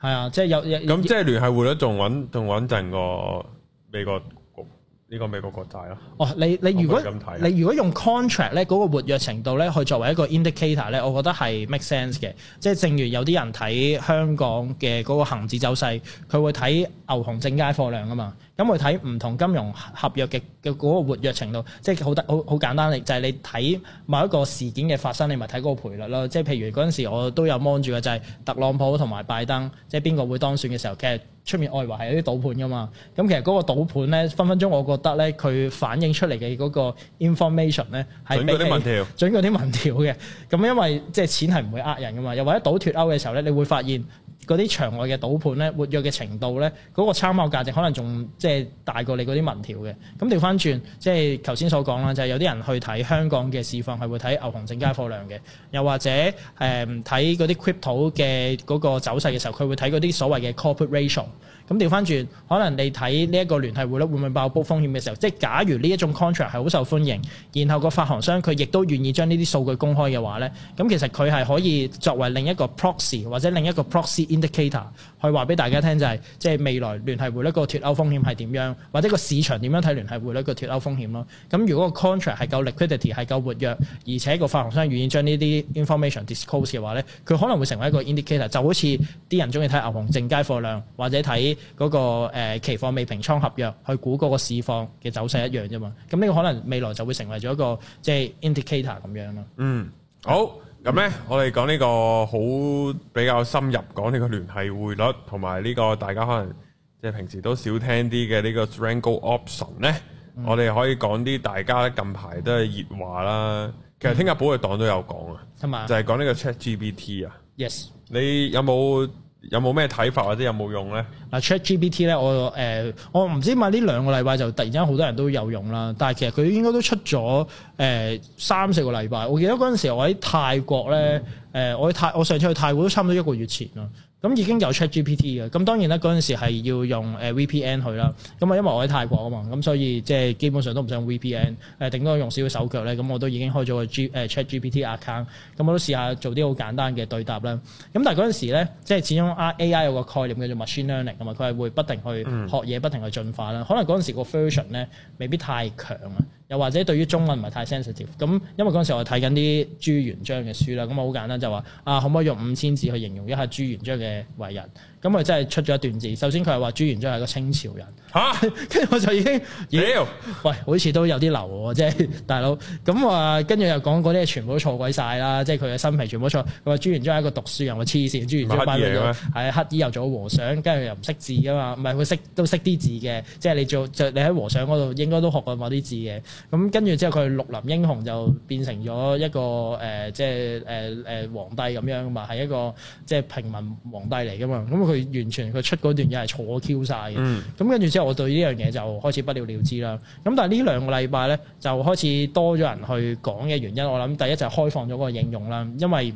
係啊，即係有咁即係聯繫匯率仲穩，仲穩陣過美國國呢、這個美國國債咯、啊。哦，你你如果，啊、你如果用 contract 咧，嗰個活躍程度咧，去作為一個 indicator 咧，我覺得係 make sense 嘅。即係正如有啲人睇香港嘅嗰個恒指走勢，佢會睇牛熊證街貨量啊嘛。咁去睇唔同金融合約嘅嘅嗰個活躍程度，即係好得好好簡單。就是、你就係你睇某一個事件嘅發生，你咪睇嗰個賠率咯。即係譬如嗰陣時，我都有 mon 住嘅，就係、是、特朗普同埋拜登，即係邊個會當選嘅時候，其實出面外圍係有啲賭盤噶嘛。咁其實嗰個賭盤咧，分分鐘我覺得咧，佢反映出嚟嘅嗰個 information 咧係準過啲民調，準過啲民調嘅。咁因為即係錢係唔會呃人噶嘛，又或者賭脱歐嘅時候咧，你會發現，嗰啲場外嘅賭盤咧，活躍嘅程度咧，嗰、嗰個參考價值可能仲即係大過你嗰啲民調嘅。咁調翻轉，即係頭先所講啦，就係、係、有啲人去睇香港嘅市況係會睇牛熊證街貨量嘅，又或者誒睇嗰啲 crypto 嘅嗰個走勢嘅時候，佢會睇嗰啲所謂嘅 corporate ratio。咁調翻轉，可能你睇呢一個聯繫匯率會唔會爆煲風險嘅時候，即係假如呢一種 contract 係好受歡迎，然後個發行商佢亦都願意將呢啲數據公開嘅話咧，咁其實佢係可以作為另一個 proxy，或者另一個 proxy indicator。去話俾大家聽就係，即係未來聯繫匯率個脫鈎風險係點樣，或者個市場點樣睇聯繫匯率個脫鈎風險咯。咁如果個 contract 係夠 liquidity 係夠活躍，而且個發行商願意將呢啲 information disclose 嘅話咧，佢可能會成為一個 indicator，就好似啲人鍾意睇牛熊證街貨量，或者睇嗰個期貨未平倉合約去估嗰個市況嘅走勢一樣啫嘛。咁呢個可能未來就會成為咗一個即係 indicator 咁樣咯。嗯，好。咁呢，嗯、我哋講呢、呢個好比較深入，講呢個聯繫匯率同埋呢個大家可能即係平時都少聽啲嘅呢個 strangle option 呢，嗯、我哋可以講啲大家近排都係熱話啦。嗯、其實聽日保衛黨都有講,、嗯、講啊，就係講呢個 ChatGPT 啊。Yes，你有冇？有冇咩睇法或者有冇用咧？嗱，ChatGPT 咧，我誒我唔知咪呢兩個禮拜就突然間好多人都有用啦，但係其實佢應該都出咗誒、呃、三四個禮拜。我記得嗰陣時我喺泰國咧，誒我泰我上次去泰國都差唔多一個月前啦。咁已經有 ChatGPT 嘅，咁當然啦，嗰陣時係要用誒 VPN 去啦。咁啊，因為我喺泰國啊嘛，咁所以即係基本上都唔想 VPN，誒頂多用少少手腳咧。咁我都已經開咗個 G 誒 ChatGPT account，咁我都試下做啲好簡單嘅對答啦。咁但係嗰陣時咧，即係始終 A I 有個概念叫做 machine learning 啊嘛，佢係會不停去學嘢，不停去進化啦。可能嗰陣時個 version 咧，未必太強啊。又或者對於中文唔係太 sensitive，咁因為嗰陣時我睇緊啲朱元璋嘅書啦，咁啊好簡單就話啊，可唔可以用五千字去形容一下朱元璋嘅為人？咁佢真係出咗一段字，首先佢係話朱元璋係個清朝人，嚇蛤，跟住我就已經妖，欸、叫喂，好似都有啲流喎，即係大佬，咁話跟住又講嗰啲係全部都錯鬼晒啦，即係佢嘅身世全部錯，佢話朱元璋係一個讀書人，我黐線，朱元璋翻嚟做，係乞兒，又做和尚，跟住又唔識字噶嘛，唔係佢識都識啲字嘅，即係你做你喺和尚嗰度應該都學過某啲字嘅，咁跟住之後佢綠林英雄就變成咗一個誒即係誒誒皇帝咁樣噶嘛，係一個即係平民皇帝嚟噶嘛，咁、嗯佢完全佢出嗰段嘢係坐 Q 晒嘅，嗯，咁跟住之後我對呢樣嘢就開始不了了之啦。咁但係呢兩個禮拜咧，就開始多咗人去講嘅原因。我諗第一就係開放咗嗰個應用啦，因為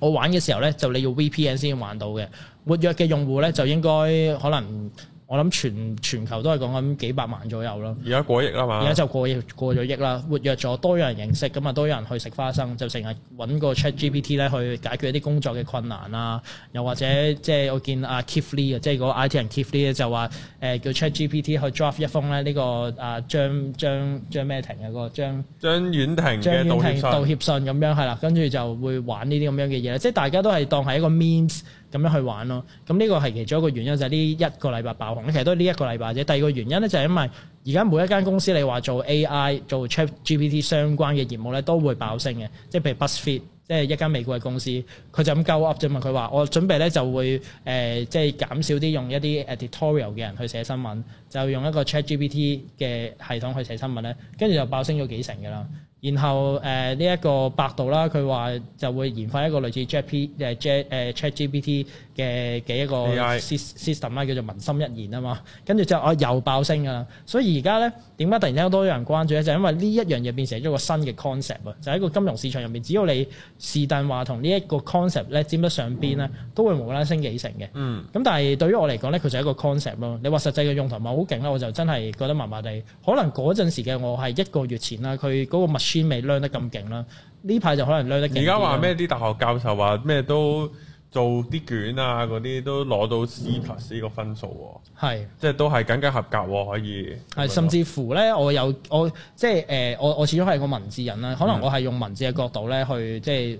我玩嘅時候咧就你要 VPN 先玩到嘅，活躍嘅用戶咧就應該可能。我諗全全球都係講緊幾百萬左右咯。而家過億啊嘛，而家就過億過咗億啦，活躍咗，多有人認識咁啊，多有人去食花生，就成日揾個 ChatGPT 咧去解決一啲工作嘅困難啊。又或者即係我見阿 Keith Lee、這個、啊，即係個 IT 人 Keith Lee 就話誒叫 ChatGPT 去 draft 一封咧呢個啊張張張咩婷嘅個張張婉婷嘅道歉信，咁樣係啦，跟住就會玩呢啲咁樣嘅嘢，即係大家都係當係一個 memes 咁樣去玩咯，咁呢個係其中一個原因就係、是、呢一個禮拜爆紅，其實都係呢一個禮拜啫。第二個原因咧就係、是、因為而家每一間公司你話做 AI 做 ChatGPT 相關嘅業務咧都會爆升嘅，即係譬如 BuzzFeed 即係一間美國嘅公司，佢就咁鳩 Up 啫嘛，佢話我準備咧就會誒即係減少啲用一啲 editorial 嘅人去寫新聞，就用一個 ChatGPT 嘅系統去寫新聞咧，跟住就爆升咗幾成嘅啦。然後誒呢一個百度啦，佢話就會研發一個類似 GDP、ChatGPT 嘅嘅一個 system 啊是，system，叫做民心一言啊嘛，跟住就後、啊、又爆升噶啦，所以而家咧點解突然之間多咗人關注咧？就是、因為呢一樣嘢變成咗個新嘅 concept 啊，就喺、是、個金融市場入面，只要你是但話同呢一個 concept 咧沾得上邊咧，嗯、都會無啦啦升幾成嘅。嗯，咁但係對於我嚟講咧，佢就係一個 concept 咯。你話實際嘅用途咪好勁咧，我就真係覺得麻麻地。可能嗰陣時嘅我係一個月前啦，佢嗰個 machine 未 learn 得咁勁啦，呢排就可能 learn 得。而家話咩？啲大學教授話咩都。做啲卷啊，嗰啲都攞到 C plus 呢個分數喎，係、嗯，即係都係更加合格可以，係是甚至乎咧，我有我即係誒，我、呃、我，我始終係個文字人啦，可能我係用文字嘅角度咧去、嗯、即係。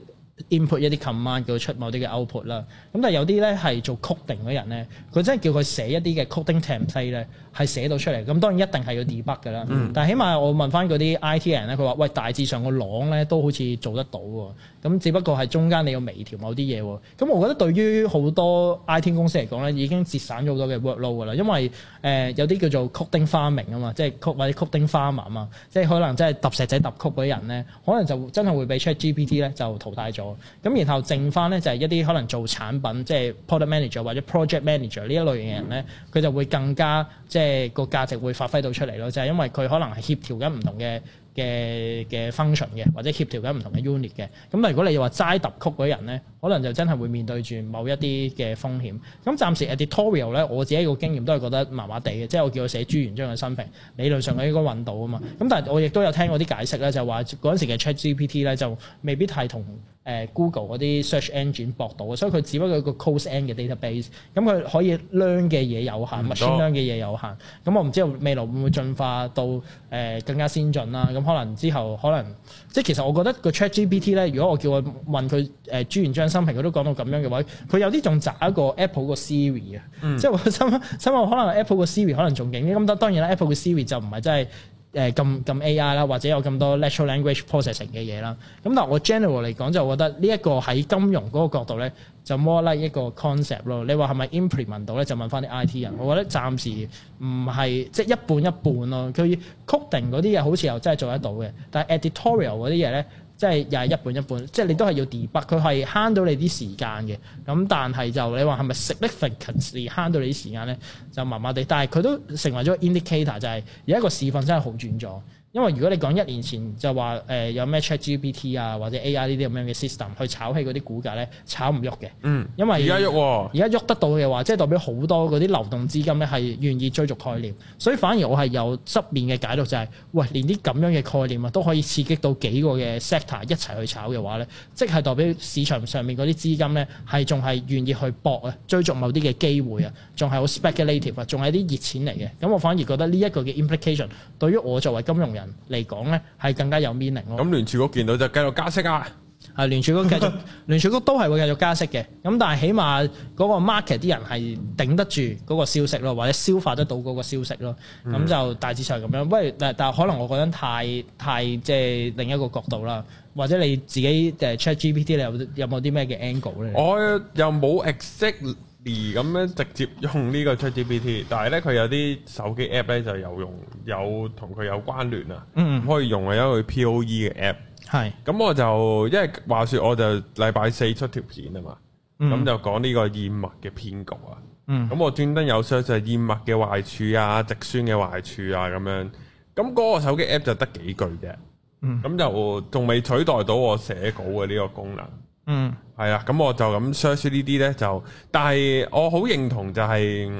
input 一啲 command 叫佢出某啲嘅 output 啦，咁但係有啲咧係做 coding 嘅人咧，佢真係叫佢寫一啲嘅 coding template 咧，係寫到出嚟，咁當然一定係要 debug 㗎啦。嗯、但係起碼我問翻嗰啲 IT 人咧，佢話喂，大致上個朗咧都好似做得到喎，咁只不過係中間你要微調某啲嘢喎。咁我覺得對於好多 IT 公司嚟講咧，已經節省咗好多嘅 workload 㗎啦，因為誒、呃、有啲叫做 coding 花名啊嘛，即係 coding 或者 coding 花文啊嘛，即係可能真係揼石仔揼曲嗰啲人咧，可能就真係會俾 ChatGPT 咧就淘汰咗。咁然後剩翻咧就係一啲可能做產品即係 product manager 或者 project manager 呢一類型嘅人咧，佢就會更加即係個價值會發揮到出嚟咯，就係因為佢可能係協調緊唔同嘅嘅嘅 function 嘅，或者協調緊唔同嘅 unit 嘅。咁但如果你又話齋揼曲嗰啲人咧，可能就真係會面對住某一啲嘅風險。咁暫時 editorial 咧，我自己個經驗都係覺得麻麻地嘅，即係我叫佢寫朱元璋嘅生平，理論上應該揾到啊嘛。咁但係我亦都有聽過啲解釋咧，就係話嗰陣時嘅 ChatGPT 咧就未必係同。誒 Google 嗰啲 search engine 博到嘅，所以佢只不過一個 close end 嘅 database，咁佢可以 learn 嘅嘢有限，唔係 machine learn 嘅嘢有限。咁我唔知未來會唔會進化到誒更加先進啦。咁可能之後可能即係其實我覺得個 ChatGPT 咧，如果我叫佢問佢誒朱元璋生平，佢都講到咁樣嘅話，佢有啲仲渣過 Apple 個 Siri 啊、嗯。即係我心想諗，想可能 Apple 個 Siri 可能仲勁啲。咁當然啦，Apple 個 Siri 就唔係真係。誒咁咁 AI 啦，或者有咁多 natural language processing 嘅嘢啦。咁但係我 general 嚟講，就覺得呢一個喺金融嗰個角度咧，就 more like 一個 concept 咯。你話係咪 implement 到咧，就問翻啲 IT 人。我覺得暫時唔係即係一半一半咯。佢 coding 嗰啲嘢好似又真係做得到嘅，但係 editorial 嗰啲嘢咧。即係又係一半一半，即係你都係要 debug，佢係慳到你啲時間嘅。咁但係就你話係咪 significant 而慳到你啲時間咧，就麻麻地。但係佢都成為咗 indicator，就係有一個市份真係好轉咗。因為如果你講一年前就話誒、呃、有咩 ChatGPT 啊或者 AI 呢啲咁樣嘅 system 去炒起嗰啲股價咧，炒唔喐嘅。嗯。因為而家喐，而家喐得到嘅話,話，即係代表好多嗰啲流動資金咧係願意追逐概念，所以反而我係有側面嘅解讀就係、是，喂，連啲咁樣嘅概念啊都可以刺激到幾個嘅 sector 一齊去炒嘅話咧，即係代表市場上面嗰啲資金咧係仲係願意去搏啊，追逐某啲嘅機會啊，仲係好 speculative 啊，仲係啲熱錢嚟嘅。咁我反而覺得呢一個嘅 implication 對於我作為金融人。嚟講咧，係更加有 meaning 咯。咁聯儲局見到就繼續加息啊。啊，聯儲局繼續，聯儲 局都係會繼續加息嘅。咁但係起碼嗰個 market 啲人係頂得住嗰個消息咯，或者消化得到嗰個消息咯。咁、嗯、就大致上係咁樣。不如但但可能我覺得太太即係、呃、另一個角度啦，或者你自己誒 ChatGPT 你有有冇啲咩嘅 angle 咧？我又冇 expect。咁咧直接用個 T，呢個 ChatGPT，但係咧佢有啲手機 app 咧就有用有同佢有關聯啊，嗯、可以用嘅一個 POE 嘅 app 是。係，咁我就因為話説我就禮拜四出條片啊嘛，咁、嗯、就講呢個燕麥嘅騙局啊，咁、嗯、我專登有寫就燕麥嘅壞處啊、植酸嘅壞處啊咁樣，咁、那、嗰個手機 app 就得幾句啫，咁、嗯、就仲未取代到我寫稿嘅呢個功能。嗯，係啊，咁我就咁 search 呢啲呢，就，但係我好認同就係、是，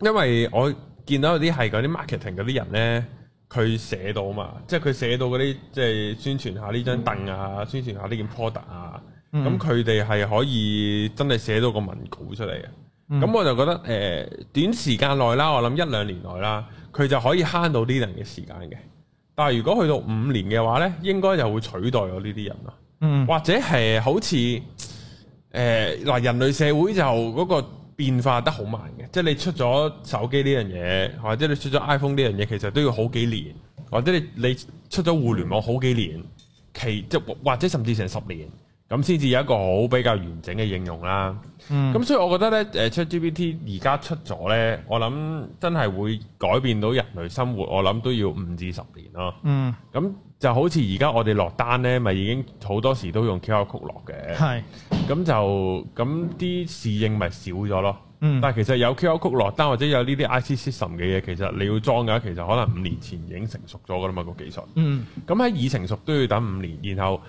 因為我見到有啲係嗰啲 marketing 嗰啲人呢，佢寫到啊嘛，即係佢寫到嗰啲，即、就、係、是、宣傳下呢張凳啊，嗯、宣傳下呢件 product 啊，咁佢哋係可以真係寫到個文稿出嚟嘅，咁、嗯、我就覺得誒、呃，短時間內啦，我諗一兩年內啦，佢就可以慳到啲人嘅時間嘅，但係如果去到五年嘅話呢，應該就會取代咗呢啲人啦。嗯，或者係好似誒嗱，人類社會就嗰個變化得好慢嘅，即係你出咗手機呢樣嘢，或者你出咗 iPhone 呢樣嘢，其實都要好幾年，或者你你出咗互聯網好幾年，其即或者甚至成十年咁，先至有一個好比較完整嘅應用啦。嗯，咁所以我覺得咧，誒出 GPT 而家出咗咧，我諗真係會改變到人類生活，我諗都要五至十年咯。嗯，咁。就好似而家我哋落單呢，咪已經好多時都用 QR code 落嘅，咁是就咁啲侍應咪少咗咯。嗯、但係其實有 QR code 落單或者有呢啲 IC system 嘅嘢，其實你要裝嘅話，其實可能五年前已經成熟咗噶啦嘛，個技術。咁喺、嗯、已成熟都要等五年，然後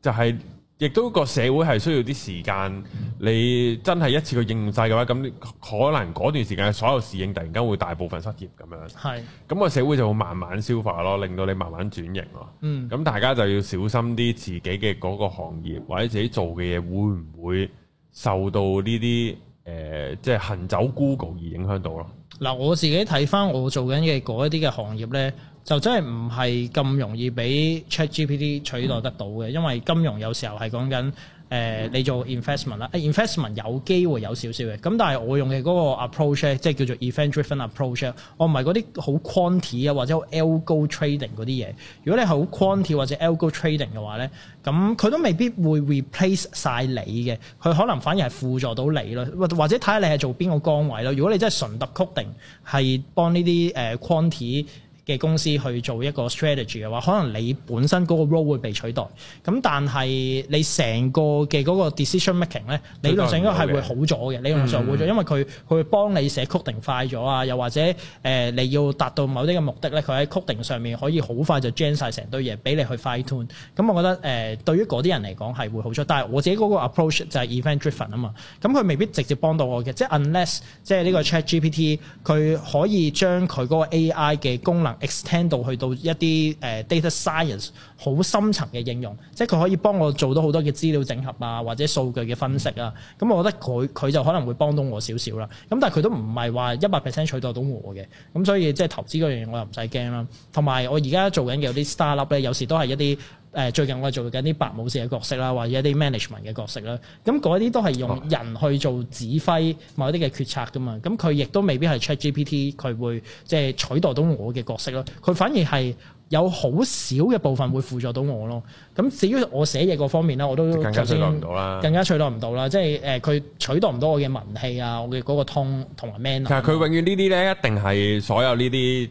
就係、是。亦都個社會係需要啲時間，嗯、你真係一次去應用曬嘅話，咁可能嗰段時間所有侍應突然間會大部分失業咁是樣。係，咁個社會就會慢慢消化咯，令到你慢慢轉型咯。嗯，咁大家就要小心啲自己嘅嗰個行業或者自己做嘅嘢會唔會受到呢啲誒即係行走 Google 而影響到咯。嗱，我自己睇翻我做緊嘅嗰一啲嘅行業呢。就真係唔係咁容易俾 ChatGPT 取代得到嘅，嗯、因為金融有時候係講緊誒，你做 investment 啦、嗯，誒、啊、investment 有機會有少少嘅。咁但係我用嘅嗰個 approach 即係叫做 event-driven approach，我唔係嗰啲好 quant 啊或者 algo trading 嗰啲嘢。如果你係好 quant 或者 algo trading 嘅話咧，咁佢都未必會 replace 晒你嘅，佢可能反而係輔助到你咯。或者睇下你係做邊個崗位咯。如果你真係純特曲定係幫呢啲誒 quant。嘅公司去做一個 strategy 嘅話，可能你本身個 role 會被取代。咁但係你成個嘅個 decision making 咧，理論上應該係會好咗嘅。理論上會咗，因為佢佢會幫你寫 coding 快咗啊，又或者誒、呃、你要達到某啲嘅目的咧，佢喺 coding 上面可以好快就將晒成堆嘢俾你去 fine tune、嗯。咁我覺得誒、呃、對於嗰啲人嚟講係會好咗。但係我自己個 approach 就係 event driven 啊嘛，咁、嗯、佢、嗯、未必直接幫到我嘅。即係 unless 即係呢個 Chat GPT 佢可以將佢個 AI 嘅功能。Extend 到去到一啲誒、uh, data science 好深層嘅應用，即係佢可以幫我做到好多嘅資料整合啊，或者數據嘅分析啊，咁我覺得佢佢就可能會幫到我少少啦。咁但係佢都唔係話一百 percent 取代到我嘅，咁所以即係投資嗰樣嘢我又唔使驚啦。同埋我而家做緊嘅有啲 startup 咧，有時都係一啲。誒，最近我係做緊啲白武士嘅角色啦，或者一啲 management 嘅角色啦，咁嗰啲都係用人去做指揮某一啲嘅決策噶嘛，咁佢亦都未必係 ChatGPT 佢會即係取代到我嘅角色咯，佢反而係有好少嘅部分會輔助到我咯。咁至於我寫嘢嗰方面咧，我都更加取代唔到啦，更加取代唔到啦，即係誒佢取代唔到我嘅文氣啊，我嘅嗰個 tone 同埋 man。但係佢永遠呢啲咧，一定係所有呢啲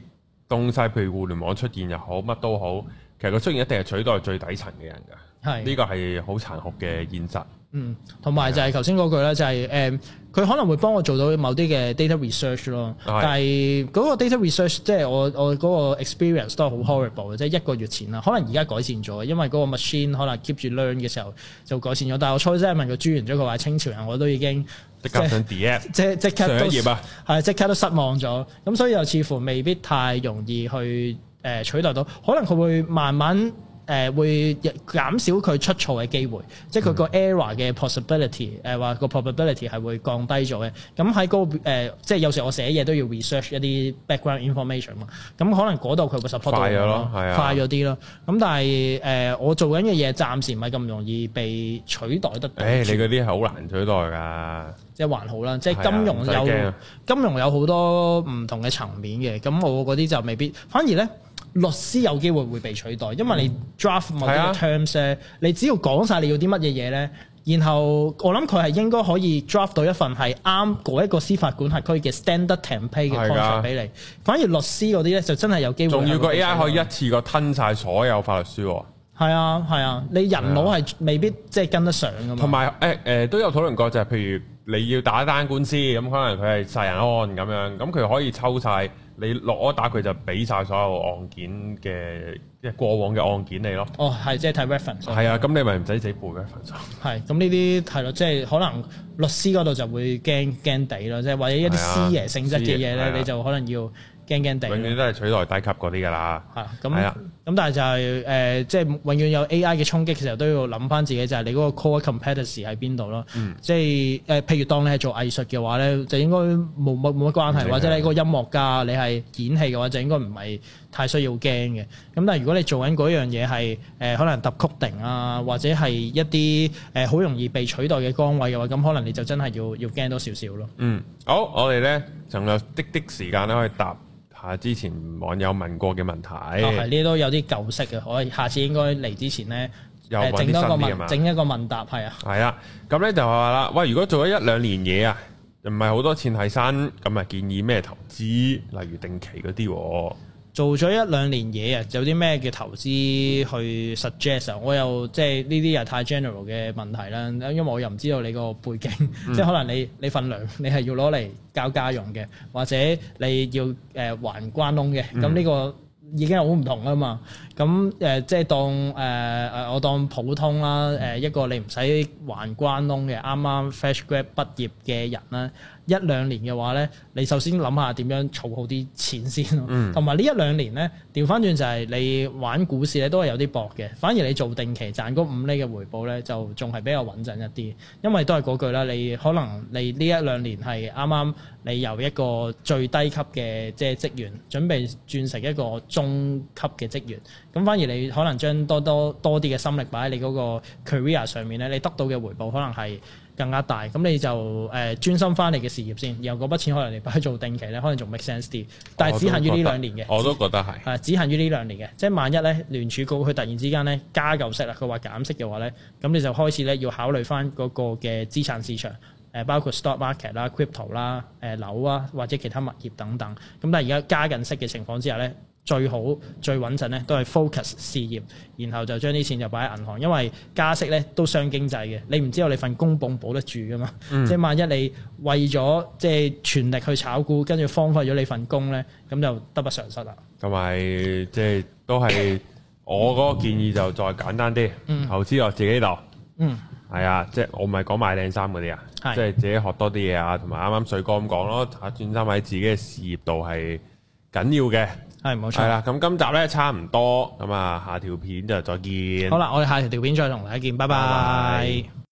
東西，譬如互聯網出現又好，乜都好。其實佢出現一定係取代係最底層嘅人㗎，係呢個係好殘酷嘅現實。嗯，同埋就係頭先嗰句啦，就係誒佢可能會幫我做到某啲嘅 data research 咯，但係嗰個 data research 即係我我嗰個 experience 都係好 horrible 嘅，即係一個月前啦，可能而家改善咗，因為嗰個 machine 可能 keep 住 learn 嘅時候就改善咗。但係我初初即係問個朱元璋，佢話清朝人我都已經即刻上 D.S. 即 刻都失業啊，係即刻都失望咗咁，所以又似乎未必太容易去。誒取代到，可能佢會慢慢誒、呃、會減少佢出錯嘅機會，即係佢個 error 嘅 possibility，誒、呃、話、嗰個 probability 係會降低咗嘅。咁喺嗰個即係有時我寫嘢都要 research 一啲 background information 嘛。咁可能嗰度佢個 support 度咯，啊、快咗啲咯。咁但係誒、呃，我做緊嘅嘢暫時唔係咁容易被取代得到。誒、欸，你嗰啲係好難取代㗎、啊。即係還好啦，即係金融有、啊、金融有好多唔同嘅層面嘅，咁我嗰啲就未必。反而咧。律師有機會會被取代，因為你 draft 某啲 terms 咧，嗯啊、你只要講晒你要啲乜嘢嘢咧，然後我諗佢係應該可以 draft 到一份係啱嗰一個司法管轄區嘅 standard template 嘅 contract 俾你。啊、反而律師嗰啲咧就真係有機會。仲要個 AI 可以一次過吞晒所有法律書。係啊係啊，你人腦係未必即係跟得上噶嘛。同埋誒誒都有討論過就係、是、譬如你要打單官司咁、嗯，可能佢係殺人案咁樣，咁、嗯、佢可以抽晒。你落我打，佢就俾晒所有案件嘅，即係過往嘅案件你咯。哦，係即係睇 reference。係啊的，咁、嗯、你咪唔使自己背 reference。係，咁呢啲係咯，即係可能律師嗰度就會驚驚地咯，即係或者一啲師爺性質嘅嘢咧，你就可能要。怕怕永遠都係取代低級嗰啲㗎喇，係咁，係啊，咁、哎、呀但係就係、是、誒，即、呃、係、就是、永遠有 AI 嘅衝擊，其實都要諗返自己就係你嗰個 core competence 喺邊度咯，即係誒，譬如當你係做藝術嘅話咧，就應該冇冇乜關係，或者你個音樂家，你係演戲嘅話，就應該唔係太需要驚嘅。咁但係如果你做緊嗰樣嘢係誒，可能揼曲定啊，或者係一啲誒好容易被取代嘅崗位嘅話，咁可能你就真係要要驚多少少咯。嗯，好，我哋咧仲有啲啲時間咧可以答。啊！之前網友問過嘅問題，哦，呢都有啲舊式嘅，我下次應該嚟之前咧，又整多、呃、個問，整一個問答，係啊，係啊，咁咧就係話啦，喂，如果做咗一兩年嘢啊，唔係好多錢傍身，咁啊建議咩投資，例如定期嗰啲、哦。做咗一兩年嘢啊，有啲咩嘅投資去 suggest 啊？我又即係呢啲又太 general 嘅問題啦，因為我又唔知道你個背景，嗯、即係可能你你份糧你係要攞嚟交家用嘅，或者你要誒還關窿嘅，咁呢個已經係好唔同啊嘛。咁誒、呃，即係當誒誒、呃，我當普通啦。誒、呃，一個你唔使還關窿嘅，啱啱 fresh grad 畢業嘅人啦，一兩年嘅話咧，你首先諗下點樣儲好啲錢先咯。嗯。同埋呢一兩年咧，調翻轉就係你玩股市咧，都係有啲搏嘅。反而你做定期賺嗰五厘嘅回報咧，就仲係比較穩陣一啲，因為都係嗰句啦。你可能你呢一兩年係啱啱你由一個最低級嘅即係職員，準備轉成一個中級嘅職員。咁反而你可能將多多多啲嘅心力擺喺你嗰個 career 上面咧，你得到嘅回報可能係更加大。咁你就誒、呃、專心翻你嘅事業先，然後嗰筆錢可能你擺做定期咧，可能仲 make sense 啲。但係只限於呢兩年嘅。我都覺得係。係、啊、只限於呢兩年嘅，即係萬一咧聯儲局佢突然之間咧加夠息啦，佢話減息嘅話咧，咁你就開始咧要考慮翻嗰個嘅資產市場，誒包括 stock market 啦、呃、crypto 啦、誒樓啊或者其他物業等等。咁但係而家加緊息嘅情況之下咧。最好最穩陣咧，都係 focus 事業，然後就將啲錢就擺喺銀行，因為加息咧都傷經濟嘅。你唔知道你份工保唔保得住噶嘛？嗯、即係萬一你為咗即係全力去炒股，跟住荒廢咗你份工咧，咁就得不償失啦。同埋即係都係、嗯、我嗰個建議就再簡單啲，投資落自己度。嗯，係、就、啊、是，即係我唔係講買靚衫嗰啲啊，即係自己學多啲嘢啊，同埋啱啱水哥咁講咯，專心喺自己嘅事業度係緊要嘅。係冇錯，係啦，咁今集咧差唔多，咁啊下條片就再見。好啦，我哋下條片再同大家見，拜拜。拜拜。